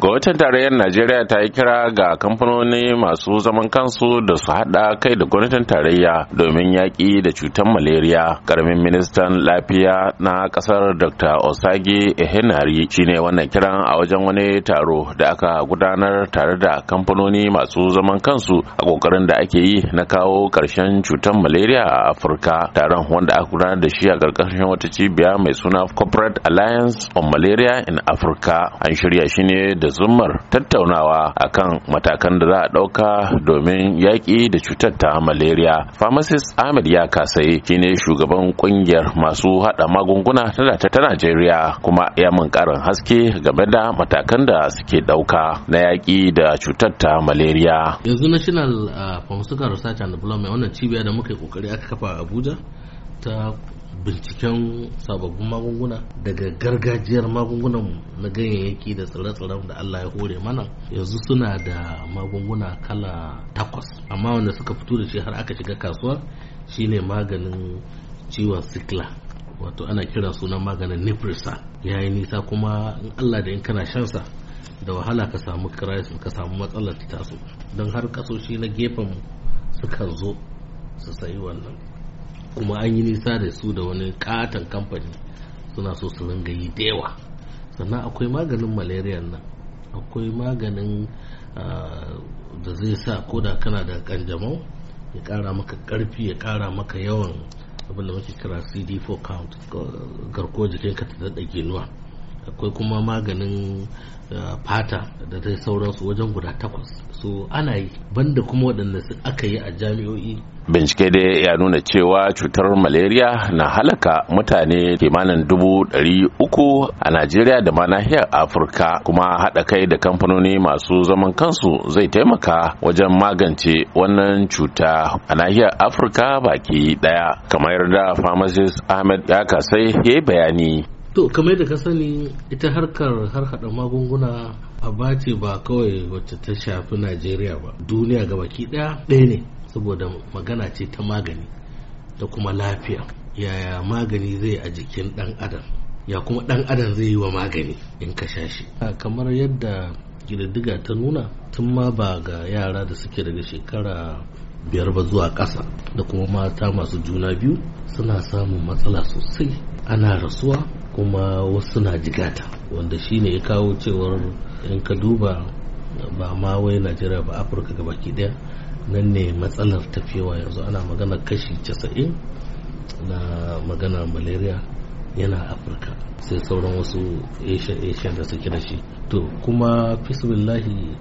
gwamnatin tarayyar najeriya ta yi kira ga kamfanoni masu zaman kansu da su haɗa kai da gwamnatin tarayya domin yaƙi da cutar malaria karamin ministan lafiya na ƙasar dr osage ehenari shine wannan kiran a wajen wani taro da aka gudanar tare da kamfanoni masu zaman kansu a ƙoƙarin da ake yi na kawo ƙarshen cutar malaria a afirka taron wanda aka gudanar da shi a ƙarƙashin wata cibiya mai suna corporate alliance on malaria in africa an shirya shi ne da da zummar tattaunawa akan matakan da za a ɗauka domin yaƙi da cutar ta malaria pharmacist ahmed ya kasaye shine shugaban ƙungiyar masu haɗa magunguna ta ta najeriya kuma ya mun ƙarin haske game da matakan da suke ɗauka na yaƙi da cutar ta malaria yanzu national uh, pharmaceutical research and development wannan cibiya da muka yi ƙoƙari aka kafa abuja ta binciken sababbin magunguna daga gargajiyar magungunan na ganyayyaki da tsire-tsiren da Allah ya hore mana yanzu suna da magunguna kala takwas amma wanda suka fito da shi har aka shiga kasuwa shine maganin ciwon sikla wato ana kira suna maganin nifrisa ya yi nisa kuma in Allah da in kana shansa da wahala ka samu crisis ka samu matsalar ta taso don har kasoshi na gefen sukan zo su sayi wannan kuma an yi nisa da su da wani katon kamfani suna so su ringa yi da yawa sannan akwai maganin malaria nan akwai maganin ah, da zai sa koda kana da kanjamau ya kara maka karfi ya kara maka yawan abin da muke kira cd4 count garko jikinka ta daɗa ginuwa akwai kuma maganin eh, fata da dai sauransu wajen guda takwas so ana yi banda kuma waɗanda aka yi a jami'o'i bincike da ya nuna cewa cutar malaria na halaka mutane kimanin dubu ɗari uku a najeriya da ma nahiyar afirka kuma haɗa kai da kamfanoni masu zaman kansu zai taimaka wajen magance wannan cuta a nahiyar afirka baki ɗaya kamar da pharmacist ahmed ya kasai ya yi bayani to kamar da ka sani ita harkar harhaɗa magunguna a bace ba kawai wacce ta shafi najeriya ba duniya ga baki ɗaya ɗaya ne saboda magana ce ta magani da kuma lafiya yaya magani zai a jikin ɗan adam ya kuma ɗan adam zai yi wa magani in ka sha kamar yadda diga ta nuna tun ma ba ga yara da suke daga shekara biyar ba zuwa ƙasa da kuma mata masu juna biyu suna samun matsala sosai ana rasuwa kuma wasu na jigata wanda shine ya kawo cewar in ka duba ba ma wai najeriya ba afirka gaba daya nan ne matsalar tafiyawa yanzu ana magana kashi casa'in na magana malaria yana afirka sai sauran wasu asian da suke da shi to kuma fisbillahi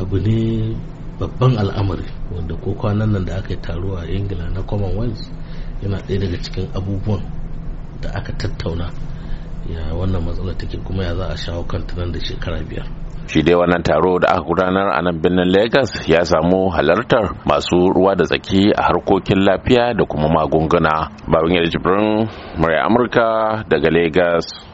abu ne babban al'amari wanda ko kwanan nan da aka yi taro a ingila na commonwealth yana ɗaya daga cikin abubuwan da aka tattauna ya wannan matsalar take kuma ya za a shawo kanta nan da shekara biyar shi dai wannan taro da aka gudanar a nan birnin lagos ya samu halartar masu ruwa da tsaki a harkokin lafiya da kuma magunguna babin yadda jibrin murya amurka daga lagos